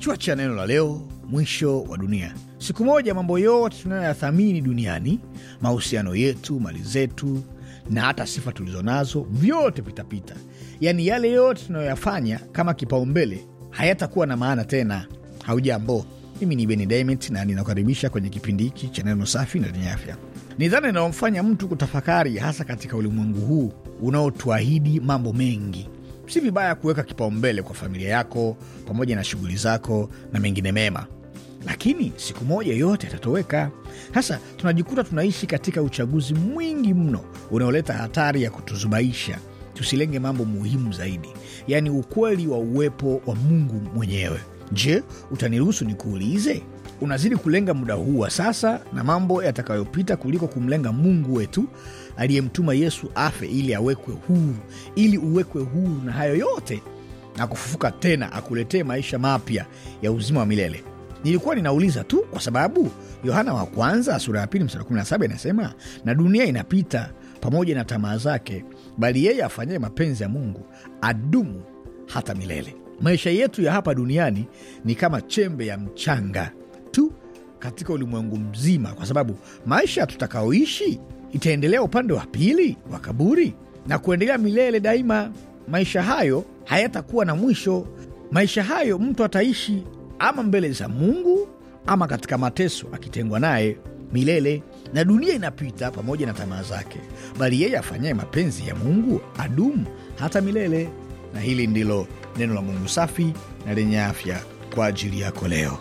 Kichwa cha neno la leo: mwisho wa dunia. Siku moja mambo yote tunayoyathamini duniani, mahusiano yetu, mali zetu na hata sifa tulizo nazo, vyote vitapita. Yaani yale yote tunayoyafanya kama kipaumbele hayatakuwa na maana tena. Haujambo, mimi ni Beni Dimet na ninakaribisha kwenye kipindi hiki cha neno safi na lenye afya. Ni dhana inayomfanya mtu kutafakari, hasa katika ulimwengu huu unaotuahidi mambo mengi si vibaya kuweka kipaumbele kwa familia yako pamoja na shughuli zako na mengine mema, lakini siku moja yote yatatoweka. Sasa tunajikuta tunaishi katika uchaguzi mwingi mno unaoleta hatari ya kutuzubaisha tusilenge mambo muhimu zaidi, yaani ukweli wa uwepo wa Mungu mwenyewe. Je, utaniruhusu nikuulize? unazidi kulenga muda huu wa sasa na mambo yatakayopita kuliko kumlenga Mungu wetu aliyemtuma Yesu afe ili awekwe huru, ili uwekwe huru na hayo yote na kufufuka tena akuletee maisha mapya ya uzima wa milele. Nilikuwa ninauliza tu kwa sababu Yohana wa kwanza sura ya pili msara 17 inasema, na dunia inapita pamoja na tamaa zake, bali yeye afanyaye mapenzi ya Mungu adumu hata milele. Maisha yetu ya hapa duniani ni kama chembe ya mchanga katika ulimwengu mzima, kwa sababu maisha tutakaoishi itaendelea upande wa pili wa kaburi na kuendelea milele daima. Maisha hayo hayatakuwa na mwisho. Maisha hayo mtu ataishi ama mbele za Mungu ama katika mateso, akitengwa naye milele. Na dunia inapita pamoja na tamaa zake, bali yeye afanyaye mapenzi ya Mungu adumu hata milele. Na hili ndilo neno la Mungu safi na lenye afya kwa ajili yako leo.